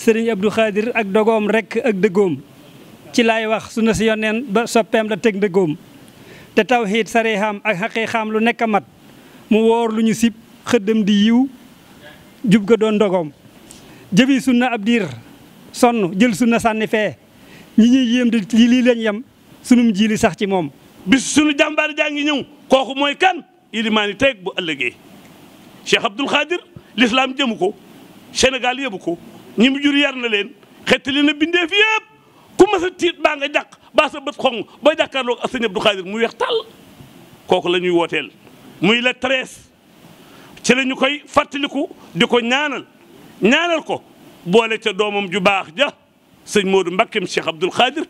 sëriñ Abdou Khadir ak dogoom rek ak dëggoom ci laay wax su na si yoneen ba soppeem la teg dëggoom te tawxiid sareexaam ak xaqiixaam lu nekk a mat mu woor lu ñu sib xëddam di yiw jub ga doon dogoom jëfi sunna ab diir sonn jël sunna sànni fee ñi ñuy yéem di lii lañ yam sunum jiili sax ci moom bis sunu jàmbaar jaa ngi ñëw kooku mooy kan ilimaani teeg bu ëllëgee Cheikh Abdoul Khadir l'islam jëmu ko Sénégal yëbu ko ñi mu jur yar na leen xettali na bindeef yëpp ku mas a tiit baa nga jàq baa sa bët xong ba jàkkaarloog a sëñ Abdou Khadir mu weex tàll kooku la ñuy wooteel muy la treize ci la ñu koy fàttaliku di ko ñaanal ñaanal ko boole ca doomam ju baax ja sëñ Modou Mbakkeem Cheikh Abdoul Khadir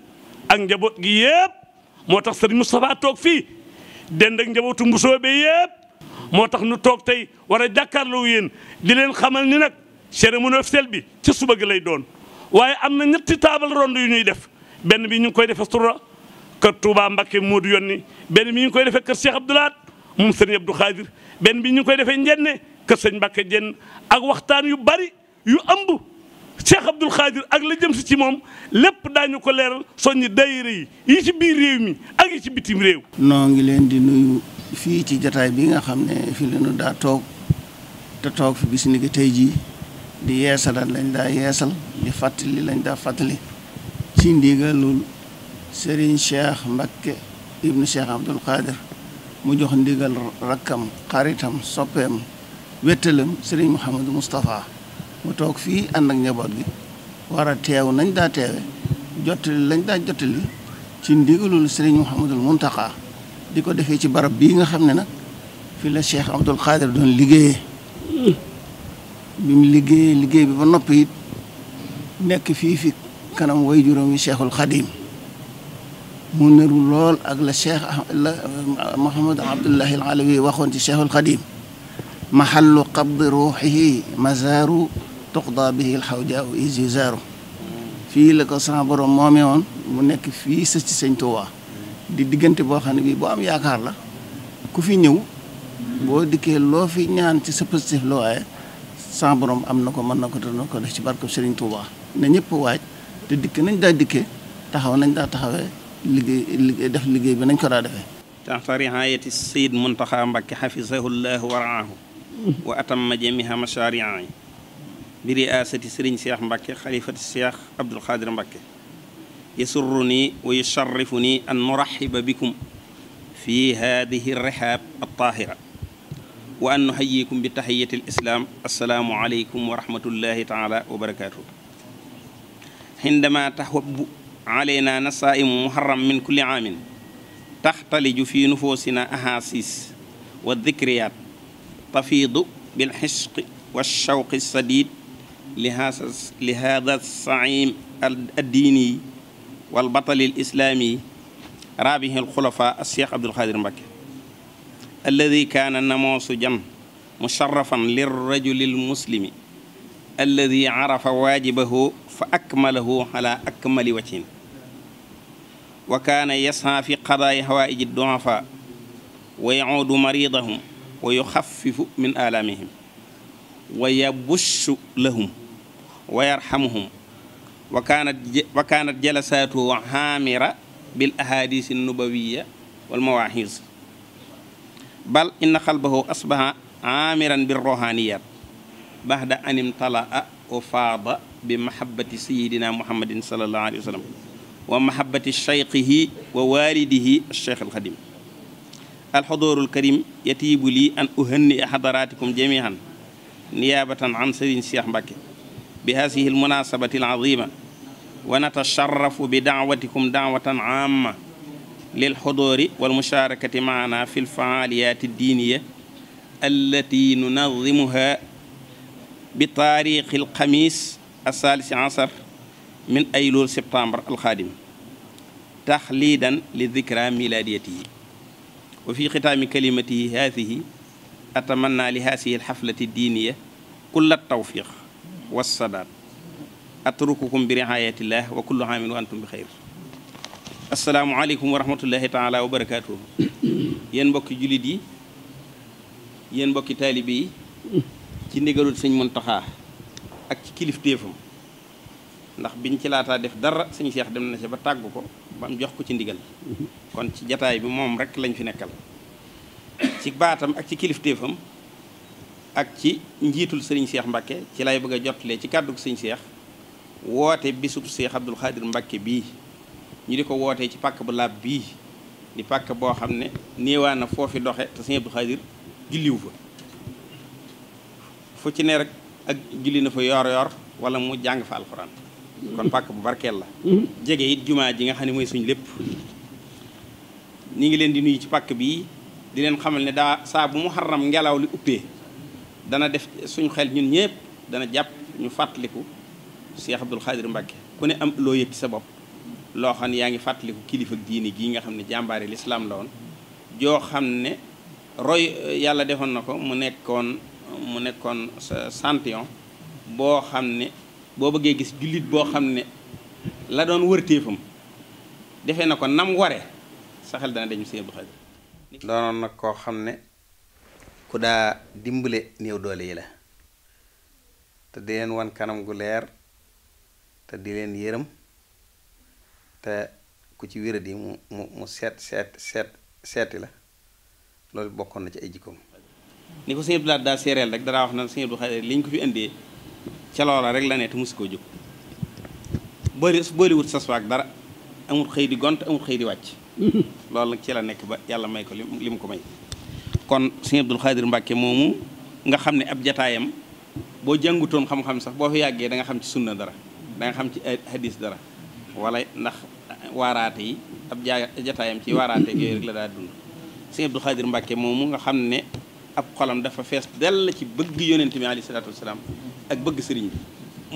ak njaboot gi yëpp moo tax sëñ Moustapha toog fii dend ak njabootu mbusoobe yëpp moo tax nu toog tey war a jàkkaarloo yéen di leen xamal ni nag cérémonie officielle bi ci suba gi lay doon waaye am na ñetti taabal rond yu ñuy def benn bi ñu ngi koy defee Soura kër Touba Mbakke Moodu yonni benn bi ñu ngi koy defee kër Cheikh Abdoulaat moom sëñ Abdou Khadir benn bi ñu ngi koy defee Njenne kër sëñ Mbakke Njenne ak waxtaan yu bari yu ëmb Cheikh Abdoul Khadir ak la jëm ci moom lépp daañu ko leeral soññi daayira yi yi ci biir réew mi ak yi ci bitim réew. noo ngi leen di nuyu fii ci jataay bi nga xam ne fi la daa toog te toog fi tey jii. di yeesalaat lañ daa yeesal di fàttali lañ daa fàttali ci ndigalul Serigne Cheikh Mbakke ibnu Cheikh Abdul Qadir mu jox ndigal rakkam xaritam soppeem wéttalam Serigne Mouhamadou Moustapha mu toog fii ànd ak njaboot gi war a teew nañ daa teewe jottali lañ daa jottali ci ndigalul Serigne Mouhamadul Mountakha di ko defee ci barab bii nga xam ne nag fi la Cheikh Abdul Qadir doon liggéeyee bi mu liggéeyee liggéey bi ba noppi nekk fii fi kanam way juróom yi cheikhul xadim mu nëru lool ak la cheikh la Mouhamadou Abdullahi Alawi waxoon ci cheikhul xadim mahallu qabdi ruuxihi mazaaru tuqda bihi alxawjaau izizaaru fii la ko sama borom moomee woon mu nekk fii sës ci sëñ di diggante boo xam ne bii boo am yaakaar la ku fi ñëw boo dikkee loo fi ñaan ci sa positif loo sa borom am na ko mën na ko dana ko def ci barkeb Serigne Touba ne ñëpp waaj te dikk nañ daa dikkee taxaw nañ daa taxawee liggéey def liggéey bi nañ ko daa defee taxta rihaayati sayid muntaxa mbakke xafisahu llahu waraahu wa atamma jamiha mashaari'i bi riasati sëriñ seex mbakke xalifati seex abdul xaadir mbakke yasurruni wa yusharrifuni an nurahiba bikum fi hadihi rihab at-tahira wa an nuhayyikum bi tahiyatil islaam assalaamu aleykum wa rahmatullahi taala wa barakaatu hindama tahwabbu alayna nasaimu muharram min kulli aamin taxtaliju fi nufuusina ahaasis wa dikriyaat tafiidu bil xisqi wa shawqi sadiid li haada saim addiini wal batali islaami raabihi alxulafa alcheikh Abdul Xaadir Mbakke alladi kaana namoosu jan musharrafan lirrajuli lmuslimi alladi arafa waajibahu fa akmalahu ala akmali wajhin wa kaana yashaa fi qadaa'i hawaaiji du'afaa wa yacuudu mariidahum wa yuxaffifu min aalaamihim wa yabushu lahum wa yarxamuhum wa kaanat wa kaanat jalasaatuhu xaamira bil ahaadiisi nubawiya wal mawaaxiis bal inna xalbahu asbaha amiran bir rohaniyat baxda anim talaa wa faada bi mahabati sayidina muhammadin salallahu alayhi wa sallam wa mahabati cheikhihi wa walidihi cheikh alxadim alxuduuru alkarim yatiibu lii an uhanni xadaraatikum jamihan niyaabatan an sëriñ Cheikh Mbacke bi hadihi almunasabati alazima wa natasharrafu bi daawatikum daawatan aama lil xuduuri wal mushaarakati maana fi lfaaliyaati diiniya allati nunadimuha bi taarixi alxamis asaalisi asar min aylul septembre alxaadim taxliidan li dikra milaadiyatihi wa fi xitaami kalimatihi haadihi atamanna li haasihi alxaflati diiniya kulla tawfiq wassadaat atrukukum bi rihaayatillaah wa kullu aamin wa antum bi xayr asalaamualeykum wa rahmatullahi taala wa barakaatu yéen mbokki jullit yi yéen mbokki taalibe yi ci ndigalul sëñ Muntaxa ak ci kilifteefam ndax biñ ci laataa def dara sëñ seex dem na ci ba tàggu ko ba jox ko ci ndigal kon ci jataay bi moom rek lañ fi nekkal ci baatam ak ci kilifteefam ak ci njiitul sëriñ Cheikh Mbacke ci lay bëgg a jotalee ci kàddug sëñ seex woote bisub Cheikh Abdoul Khadir Mbacke bii ñu di ko wootee ci pàkk bu laab bii di pàkk boo xam ne néewaa na foofi doxe te sëñ Abdou Khadir julliwu fa fu ci ne rek ak julli na fa yor yor wala mu jàng fa alxuraan kon pàkk bu barkeel la mm-hmm. jege it jumaa ji nga xam ne mooy suñ lépp ñi ngi leen di nuyu ci pàkk bii di leen xamal ne daa saa bu mu xaram ngelaw li uppee dana def suñ xel ñun ñëpp dana jàpp ñu fàttaliku Cheikh Abdoul Khadir Mbacke ku ne am loo yëg ci sa bopp loo xam ne yaa ngi fàttaliku kilifa diini gii nga xam ne jàmbaari lislaam la woon joo xam ne roy yàlla defoon na ko mu nekkoon mu nekkoon santion boo xam ne boo bëggee gis jullit boo xam ne la doon wërteefam defee na ko nam ware sa xel dana dem Sëñ Abdou Khadre doonoon nag koo xam ne ku daa dimbale néew doole yi la te di leen wan kanam gu leer te di leen yërëm te ku ci wéradi mu mu mu seet seet seet seeti la loolu bokkoon na ci ay jikkoom ni ko sëñ Abdou Lahad daa séeréel rek danaa wax na sëñ Abdou Khadre li ñu ko fi indee ca loola rek la ne te koo jóg booli booliwut sas waag dara amul xëy di gont amul xëy di wàcc loolu nag ci la nekk ba yàlla may ko li mu ko may kon sëñ Abdou Khadre Mbàkke moomu nga xam ne ab jataayam boo jàngutoon xam-xam sax boo fi yàggee da nga xam ci sunna dara da nga xam ci hadis dara wala ndax waaraate yi ab jaa jataayam ci waaraate yooyu rek la daa dund sëñ Abdou Khadir Mbacke moomu nga xam ne ab xolam dafa fees dell ci bëgg yonent bi alayhi salaatu ak bëgg sëriñ bi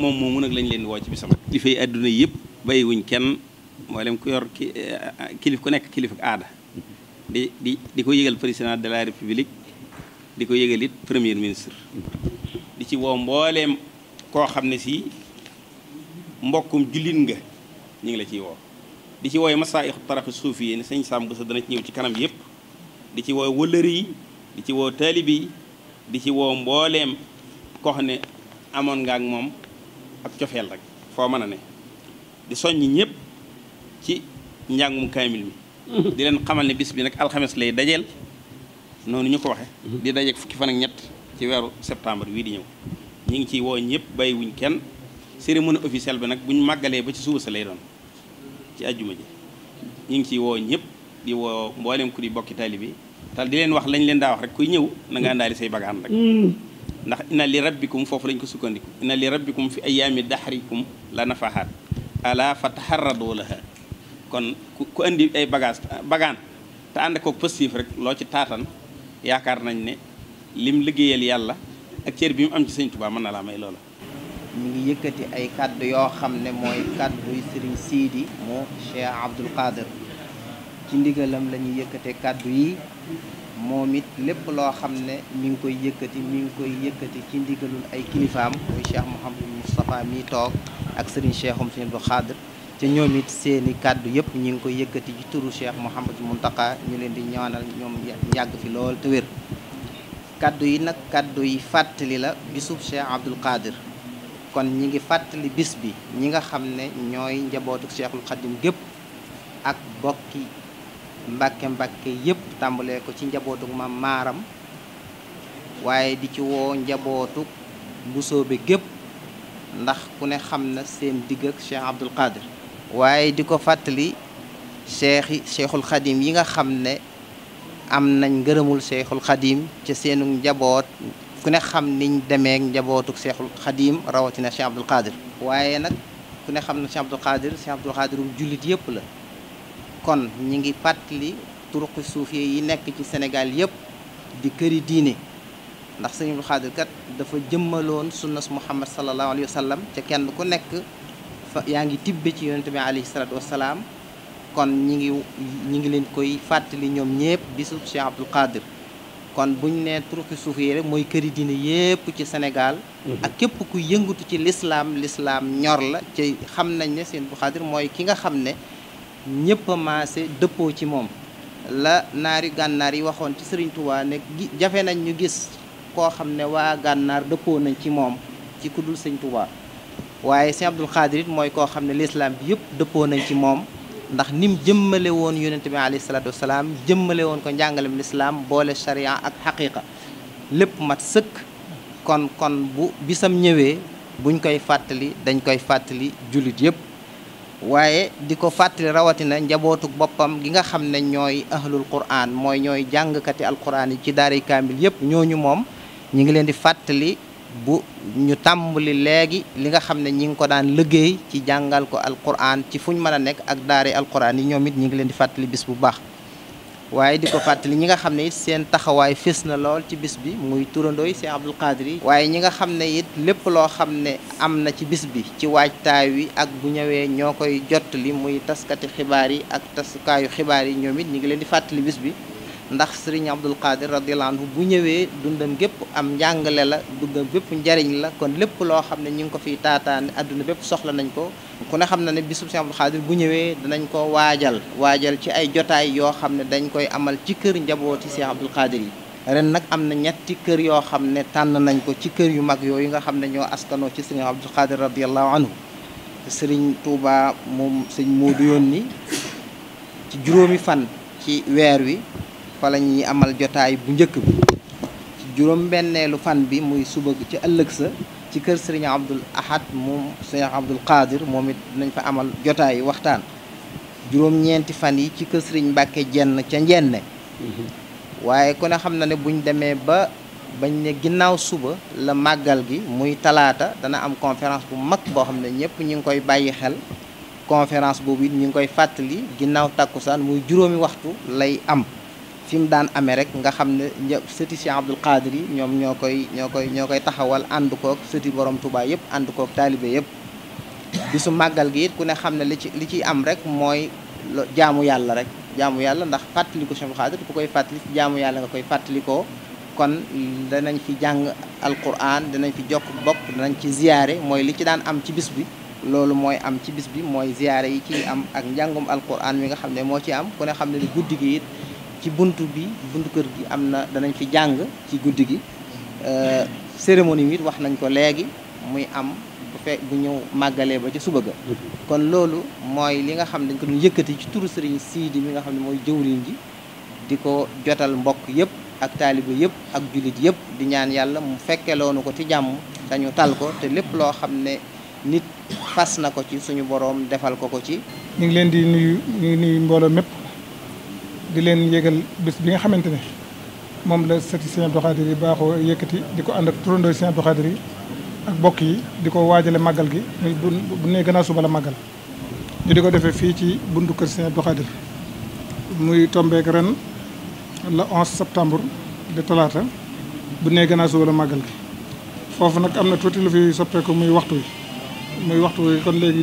moom moomu nag lañ leen di woo ci bisam li fay àdduna yëpp bàyyi kenn mboolem ku yor ki eh, kilif ku nekk kilif ak aada di di di ko yëgal président de la république di ko yëgal it premier ministre di ci woo mbooleem koo xam ne si mbokkum jullit nga ñu ngi la ciy woo di ci wooye masaayixu taraxi suufi yi ne sëñ Sam sa dana ci ñëw ci kanam yépp di ci woo wëllëri yi di ci woo taalibi yi di ci woo mbooleem koo xam ne amoon nga ak moom ak cofeel rek foo mën a ne di soññ ñëpp ci njàngum kaamil mi mm-hmm. di leen xamal ne bis bi nag alxames lay dajeel noonu ñu ko waxe mm-hmm. di dajeek fukki fan ak ñett ci weeru septembre wii di ñëw ñu ngi ciy woo ñëpp bàyyiwuñ kenn cérémonie officielle bi nag bu ñu màggalee ba ci suuf sa lay doon ci àjjuma ji ñu ngi ciy woo ñëpp di woo mboolem ku di bokki tali bi tal di leen wax lañ leen daa wax rek kuy ñëw na nga àndaali say bagaan rek mm. ndax inna li rabbikum foofu lañ ko sukkandiku inna li rabbikum fi ay ayaami daxrikum la nafahaat ala fa taxarradoo laha kon ku indi ay bagage bagaan te ànd kook positif rek loo ci taatan yaakaar nañ ne lim liggéeyal yàlla ak cër bi mu am ci sëñ Tuubaa mën na laa may loola mi ngi yëkkati ay kàddu yoo xam ne mooy kàdduy Serigne Sidi mu Cheikh Abdoul Qadir ci ndigalam lañuy ñuy yëkkatee kàddu yi moom it lépp loo xam ne mi ngi koy yëkkati mi ngi koy yëkkati ci ndigalul ay kilifaam muy Cheikh Mouhamadou Moustapha mi toog ak Serigne Cheikhum Serigne Abdoul Qadir te ñoom it seeni kàddu yëpp ñu ngi koy yëkkati ci turu Cheikh Mouhamadou Mountakha ñu leen di ñaanal ñoom yàgg fi lool te wér kàddu yi nag kàddu yi fàttali la bisub Cheikh Abdoul Qadir kon ñi ngi fàttali bis bi ñi nga xam ne ñooy njabootu Cheikhul Khadim gépp ak bokki mbakke mbàkke yépp tàmbalee ko ci njabootuk ma maaram waaye di ci woo njabootuk bi gépp ndax ku ne xam na seen digg ak Cheikh Abdul waaye di ko fàttali cheikh yi Cheikhul yi nga xam ne am nañ gërëmul seexul xadiim ca seenu njaboot ku ne xam niñ demee njabootuk Seexul Xadiim rawatina Cheikh Abdoul Khadir waaye nag ku ne xam na Cheikh Abdoul Khadir Cheikh Abdoul Khadirum jullit yëpp la kon ñi ngi fàttali turuqi suufiye yi nekk ci senegal yëpp di këri diine ndax sëñ Abdoul Khadir kat dafa jëmmaloon sunnas Muhammad sallallahu alayhi wa sallam ca kenn ku nekk fa yaa ngi tibbe ci yonente bi alayhi salaatu wasalaam kon ñi ngi ñi ngi leen koy fàttali ñoom ñëpp bisu Cheikh Abdoul Khadir kon buñ nee turki suufiya rek mooy këri diine yépp ci senegal mhm. ak képp ku yëngatu ci lislaam lislaam ñor la ci xam nañ ne seen bu xaadir mooy ki nga xam ne ñëpp a maase dëppoo ci moom la naari gànnaar yi waxoon ci Sëriñ Tuubaa ne jafe nañ ñu gis koo xam ne waa gànnaar dëppoo nañ ci moom ci ku dul Sëriñ Tuubaa waaye Sëriñ Abdul Xaadir mooy koo xam ne lislaam bi yëpp dëppoo nañ ci moom ndax nim jëmmale woon yonente bi alayhi salaatu wasalaam jëmmale woon ko njàngalem lislaam boole sharia ak xaqiqa lépp mat sëkk kon kon bu bisam ñëwee buñ koy fàttali dañ koy fàttali jullit yëpp waaye di ko fàttali rawatina njabootuk boppam gi nga xam ne ñooy ahlul quraan mooy ñooy jàngkati alquraan yi ci daaray kaamil yëpp ñooñu moom ñu ngi leen di fàttali bu ñu tàmbali léegi li nga xam ne ñi ngi ko daan liggéey ci jàngal ko alquran ci fuñ mën a nekk ak daare alquran yi ñoom it ñi ngi leen di fàttali bis bu baax waaye di ko fàttali ñi nga xam ne it seen taxawaay fis na lool ci bis bi muy turandooy Cheikh Abdoul Qadir yi waaye ñi nga xam ne it lépp loo xam ne am na ci bis bi ci waajtaay wi ak bu ñëwee ñoo koy jottali muy taskati xibaar yi ak tasukaayu xibaar yi ñoom it ñi ngi leen di fàttali bis bi ndax sëriñ Abdul Qadir radiyallahu anhu bu ñëwee dundam gépp am njàngale la dundam bépp njariñ la kon lépp loo xam ne ñu ngi ko fi taataane àdduna bépp soxla nañ ko ku ne xam na ne bisub sëriñ Abdul Qadir bu ñëwee danañ ko waajal waajal ci ay jotaay yoo xam ne dañ koy amal ci kër njabooti sëriñ Abdul Qadir yi ren nag am na ñetti kër yoo xam ne tànn nañ ko ci kër yu mag yooyu nga xam ne ñoo askanoo ci sëriñ Abdul Qadir radiyallahu anhu sëriñ Touba moom sëñ yoon ni ci juróomi fan ci weer wi fa la amal jotaay bu njëkk bi juróom-benneelu fan bi muy suba ci ëllëg sa ci kër sëriñ Abdul Ahad moom sëriñ Abdul Qadir moom it dinañ fa amal jotaay waxtaan juróom-ñeenti fan yi ci kër sëriñ Mbàkke jenn ca njenne mm-hmm. waaye ku xam na ne buñ demee ba bañ ne ginnaaw suba la màggal gi muy talaata dana am conférence bu mag boo xam ne ñëpp ñu ngi koy bàyyi xel conférence boobu it ñu ngi koy fàttali ginnaaw tàkkusaan muy juróomi waxtu lay am fi mu daan amee rek nga xam ne ñëpp sëti Cheikh Abdoul Qadir yi ñoom ñoo koy ñoo koy ñoo koy taxawal ànd koog sëti borom tubaay yëpp ànd kook taalibe yëpp bisu màggal gi it ku ne xam ne li ci li ciy am rek mooy jaamu yàlla rek jaamu yàlla ndax fàttaliku Cheikh Xaadir ku koy fàttali jaamu yàlla nga koy fàttalikoo kon danañ fi jàng alquran danañ fi jokk bokk danañ ci ziyaare mooy li ci daan am ci bis bi loolu mooy am ci bis bi mooy ziyaare yi ci am ak njàngum alquran mi nga xam ne moo ci am ku ne xam ne ni guddi gi it ci buntu bi bunt kër gi am na danañ fi jàng ci guddi gi euh, cérémonie bi it wax nañ ko léegi muy am bu fe bu ñëw màggalee ba ci suba ga kon loolu mooy li nga xam dañ ko doon yëkkati ci turu sëriñ Siidi mi nga xam ne mooy jëwriñ ji di ko jotal mbokk yëpp ak taalibe yëpp ak jullit yëpp di ñaan yàlla mu fekkee fekkeloonu ko ci jàmm dañu tal ko te lépp loo xam ne nit fas na ko ci suñu boroom defal ko ko ci ñu ngi leen di nuyu ñu ngi nuyu mbooloo mépp di leen yégal bis bi nga xamante ne moom la sëti Sëñ Abdou Khadir yi baaxoo yëkkati di ko ànd ak turandoo Sëñ Abdou Khadir yi ak bokk yi di ko waajale màggal gi muy bu ne gannaaw suba la màggal di ko defee fii ci buntu kër Sëñ Abdou Khadir muy tombeek ren la 11 septembre de talaata bu ne gannaaw suba la gi foofu nag am na tuuti lu fi soppeeku muy waxtu wi muy waxtu wi kon léegi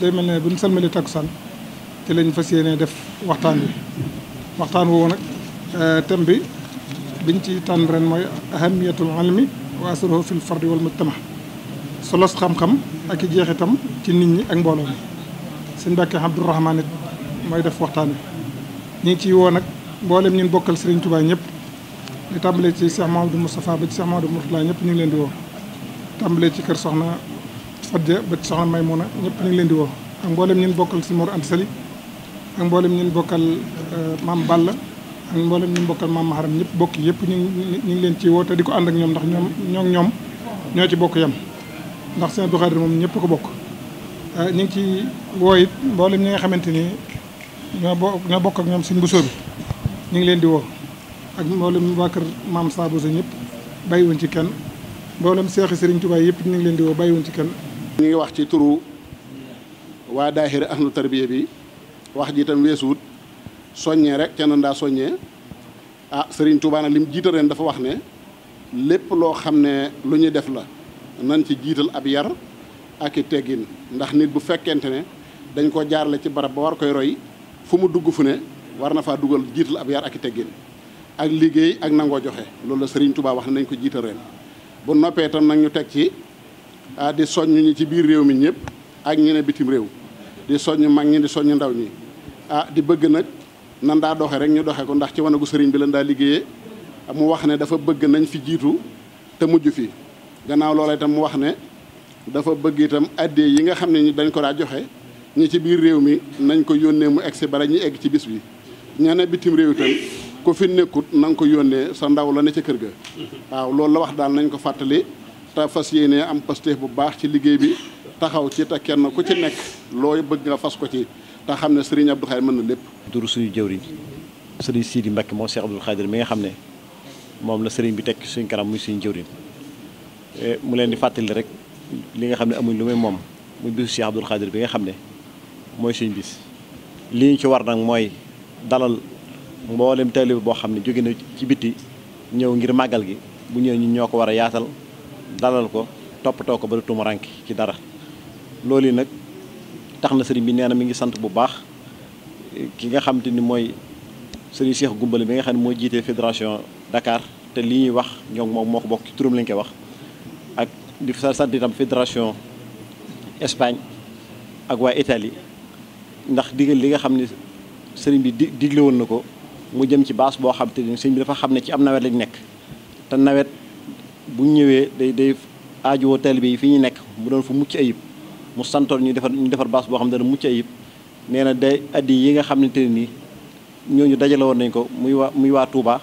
day mel ne bu ñu salmali takkusaan ci lañ fas yéene def waxtaan wi waxtaan woo nag euh, thème bi biñ ci tànn ren mooy ahamiyatul ilmi wa asruhu fil fardi wal mujtama solos xam-xam ak i itam ci nit ñi ak mbooloo mi sëñ Mbàkke Abdourahman it mooy def waxtaan bi ñu ngi ciy woo nag mboolem ñun bokkal Serigne Touba ñëpp di tàmbalee ci Cheikh Mahamadou Moustapha ba ci Cheikh Mahamadou Mourtala ñëpp ñu ngi leen di woo tàmbalee ci kër soxna Fadja ba ci soxna Maymuna ñëpp ñu leen di woo ak mboolem ñun bokkal si Mor Anta Sali ak mboolem ñun bokkal Euh, maam Balla ak mboolem ñu mbokkal maam Maharam ñëpp bokk yëpp ñu ngi ñu ngi leen ci woo te di ko ànd ak ñoom ndax ñoom ñoo ñoom ñoo ci bokk yem ndax seen Abdou Khadre moom ñëpp ko bokk euh, ñu ngi ci woo mboolem ñi nga xamante ni ñoo bo ñoo bokk ñoom suñ bu sóobi ñu ngi leen di woo ak mboolem waa kër maam Saabou sa ñëpp bàyyiwuñ ci kenn mboolem seexi Serigne Touba yëpp ñu ngi leen di woo bàyyiwuñ ci kenn ñu ngi wax ci turu waa daahira ahlu tarbiya bi wax ji tam weesuwut soññee rek ca nan daa soññee ah Serigne Touba nag li mu jiital ren dafa wax ne lépp loo xam ne lu ñuy def la nan ci jiital ab yar ak i teggin ndax nit bu fekkente ne dañ ko jaarale ci barab ba war koy roy fu mu dugg fu ne war na faa dugal jiital ab yar ak i teggin ak liggéey ak nangoo joxe loolu la Serigne Touba wax ne nañ ko jiital reen bu noppee itam nag ñu teg ci ah di soññ ñi ci biir réew mi ñëpp ak ñeneen bitim réew di soññ mag ñi di soññ ndaw ñi ah di bëgg nag. nan daa doxe rek ñu doxe ko ndax ci wanagu sëriñ bi lan daa liggéeyee mu wax ne dafa bëgg nañ fi jiitu te mujj fi gannaaw loola itam mu wax ne dafa bëgg itam addee yi nga xam ne dañ ko daa joxe ñi ci biir réew mi nañ ko yónnee mu egg si bare ñi egg ci bis bi ñene bitim réew itam ku fi nekkut na nga ko yónnee sa ndaw la ne ca kër ga waaw loolu la wax daal nañ ko fàttali te fas yéenee am pasteef bu baax ci liggéey bi taxaw ci te kenn ku ci nekk looy bëgg nga fas ko ci te xam ne Serigne Abdou Khadir mën na lépp. duru suñu jëwriñ Serigne Sidi Mbacke moom Cheikh Abdou Khadir mi nga xam ne moom la Serigne bi teg suñ kanam muy suñu jëwriñ eh, mu leen di fàttali rek li nga xam ne amuñ lu may moom mu bisu Cheikh Abdou Khadir bi nga xam ne mooy suñ bis. li ñu ci war nag mooy dalal mboolem taalibe boo xam ne jóge na ci biti ñëw ngir màggal gi bu ñëwee ñu ñoo ko war a yaatal dalal ko toppatoo ko ba du tumaranke ci dara loolu nag. tax na sëriñ bi nee na mi ngi sant bu baax ki nga xam te ni mooy sëriñ Cheikh Goumbale bi nga xam ne mooy jiite fédération Dakar te li ñuy wax ñoom moom moo ko bokk ci turam lañ koy wax ak di sant itam fédération Espagne ak waa Italie ndax digal li nga xam ne sëriñ bi di digle woon na ko mu jëm ci baas boo xam te ni sëriñ bi dafa xam ne ci am nawet lañ nekk te nawet bu ñëwee day day aajowoo taalibe yi fi ñu nekk mu doon fu mucc ayib. mu santoon ñu defar ñu defar baas boo xam ne dana mucc ayib nee na day addi yi nga xam ne te nii ñu dajale woon nañ ko muy waa muy waa Touba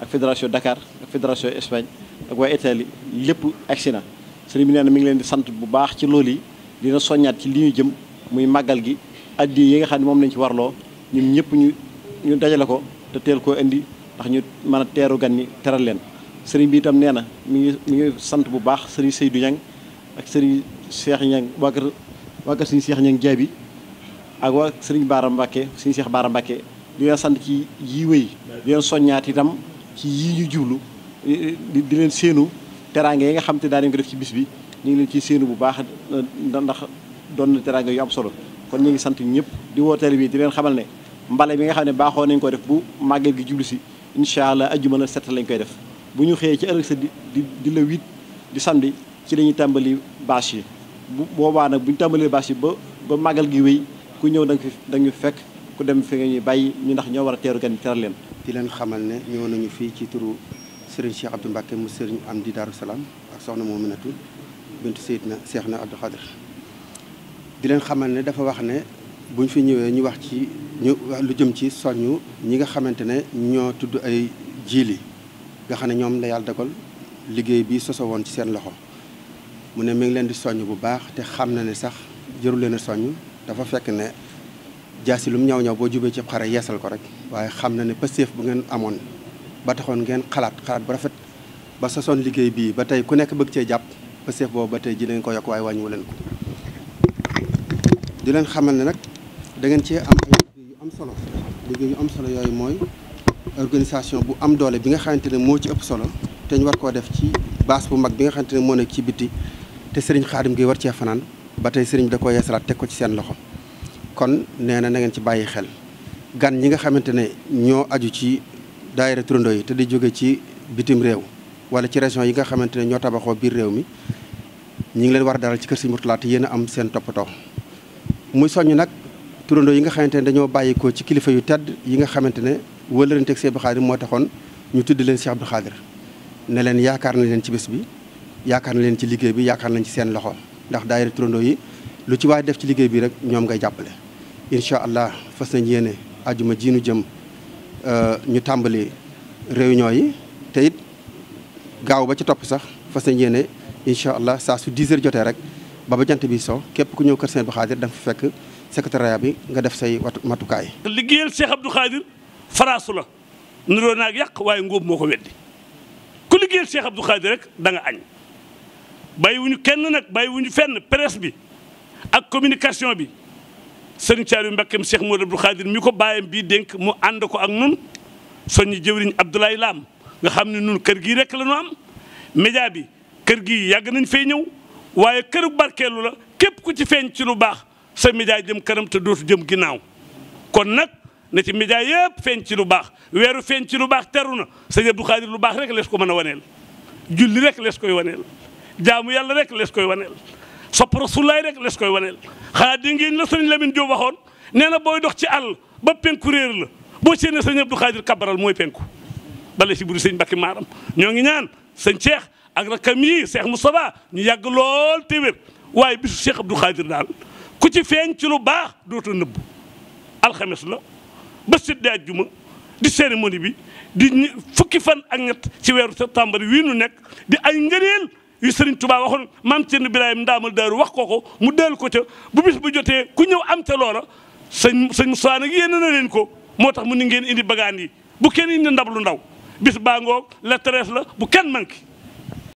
ak fédération Dakar ak fédération Espagne ak waa Italie lépp agsi na sëriñ bi nee na mi ngi leen di sant bu baax ci loolu yi dina soññaat ci li jëm muy màggal gi addi yi nga xam ne moom lañ ci warloo ñun ñëpp ñu ñu dajale ko te teel koo indi ndax ñu mën a teeru gan ñi teral leen sëriñ bi itam nee na mi ngi mi ngi sant bu baax sëriñ Seydou Niang ak sëriñ Cheikh Niang waa kër waa kër suñu Cheikh Niang bi ak waa sëriñ Baara Mbacke suñu Cheikh Baara Mbacke di leen sant ci yii wéy di leen soññaat itam ci yii ñu jublu di leen séenu teraange yi nga xam te daa nañ ko def ci bis bi ñu ngi leen ciy séenu bu baax ndax doon na teraange yu solo kon ñu ngi sant ñëpp di wooteel bi di leen xamal ne mbale bi nga xam ne baaxoo nañ ko def bu màggal gi jublu si incha allah ajjuma la set lañ koy def bu ñu xëyee ci ëllëg sa di di la huit di samedi ci lañuy tàmbali bâche yi bu boobaa nag bu ñu tàmbalee bâche yi ba ba màggal gi wéy ku ñëw da nga fi da nga fekk ku dem fi nga ñuy bàyyi ñu ndax ñoo war a teeru gan teral leen. di leen xamal ne ñëw nañu fii ci turu Serigne Cheikh Abdou Mbacke mu Serigne Amdi Darou Salaam ak soxna moom bintu Seydina Cheikh na Abdou Khadir di leen xamal ne dafa wax ne buñ fi ñëwee ñu wax ci ñu lu jëm ci soññu ñi nga xamante ne ñoo tudd ay jiili nga xam ne ñoom la yàlla dogal liggéey bi soso woon ci seen loxo. mu ne mi ngi leen di soññ bu baax te xam na ne sax jëru leen a soññ dafa fekk ne jaasi lu mu ñaw ñaw boo jubee ci xare yeesal ko rek waaye xam na ne pëseef bu ngeen amoon ba taxoon ngeen xalaat xalaat bu rafet ba sosoon liggéey bii ba tey ku nekk bëgg cee jàpp pëseef boobu ba tey ji leen ko yokk waaye wàññiwu leen ko di leen xamal ne nag da ngeen cee am ay liggéey am solo liggéey am solo yooyu mooy organisation bu am doole bi nga xamante ne moo ci ëpp solo te ñu war koo def ci base bu mag bi nga xamante ne moo nekk ci biti te sëriñ xaadim gi war cee fanaan ba tey sëriñ bi da ko yeesalaat teg ko ci seen loxo kon nee na na ci bàyyi xel gan ñi nga xamante ne ñoo aju ci daayira turandoo yi te di jóge ci bitim réew wala ci région yi nga xamante ne ñoo tabaxoo biir réew mi ñi ngi leen war a dalal ci kër sëriñ Murtala te yéen a am seen toppatoo muy soññ nag turandoo yi nga xamante ne dañoo bàyyikoo ci kilifa yu tedd yi nga xamante ne wëlëranteeg Seex Abdu Xaadir moo taxoon ñu tudd leen Seex Abdu Xaadir ne leen yaakaar na leen ci bés bi yaakaar na leen ci liggéey bi yaakaar nañ ci seen loxo ndax daayira turandoo yi lu ci waay def ci liggéey bi rek ñoom ngay jàppale incha allah fas nañ yéene ajuma jiinu jëm euh, ñu tàmbali réunion yi te gaaw ba ci topp sax fas nañ yéene incha allah saa su 10 jotee rek ba ba jant bi so képp ku ñëw kër seen bu xaadir da nga fekk secrétariat bi nga def say watu matukaay. liggéeyal Cheikh Abdou Khadir faraasu la niroo naag yàq waaye ngóob moo ko weddi ku da bàyyiwuñu kenn nag bàyyiwuñu fenn presse bi ak communication bi sëriñ Thialiou Mbackeem Cheikh Modou Abdou Khadir mi ko bàyyam bii dénk mu ànd ko ak nun soññi jëwriñ Abdoulaye Lam nga xam ne nun kër gii rek la ñu am média bi kër gi yàgg nañ fay ñëw waaye këru barkeelu la képp ku ci feeñ ci lu baax sa média jëm kanam te dootu jëm ginnaaw kon nag na ci média yëpp feeñ ci lu baax weeru feeñ ci lu baax teru na sëñ Abdou Khadir lu baax rek lees ko mën a waneel julli rek lees koy waneel jaamu yàlla rek lees koy waneel sopp rasulaay rek lees koy waneel xanaa di ngeen la sëriñ Lamine Diop waxoon nee na booy dox ci àll ba penku réer la boo séenee sëñ Abdou Khadir kabaral mooy penku bale si buri sëñ Mbacke maaram ñoo ngi ñaan sëñ Cheikh ak rakam yi Cheikh Moustapha ñu yàgg lool te wér waaye bisu Cheikh Abdou Khadir daal ku ci feeñ ci lu baax dootoo nëbb alxames la ba séddi àjjuma di cérémonie bi di fukki fan ak ñett ci weeru septembre wii nu nekk di ay ngëneel yu Serigne Touba waxoon maam Thierno Birahim ndaamal daaru wax ko ko mu dellu ko ca bu bis bu jotee ku ñëw am ca loola sëñ sëñ Moussa nag yéene na leen ko moo tax mu ni ngeen indi bagaan yi bu kenn indi ndab lu ndaw bis baa ngoog la treize la bu kenn manqué.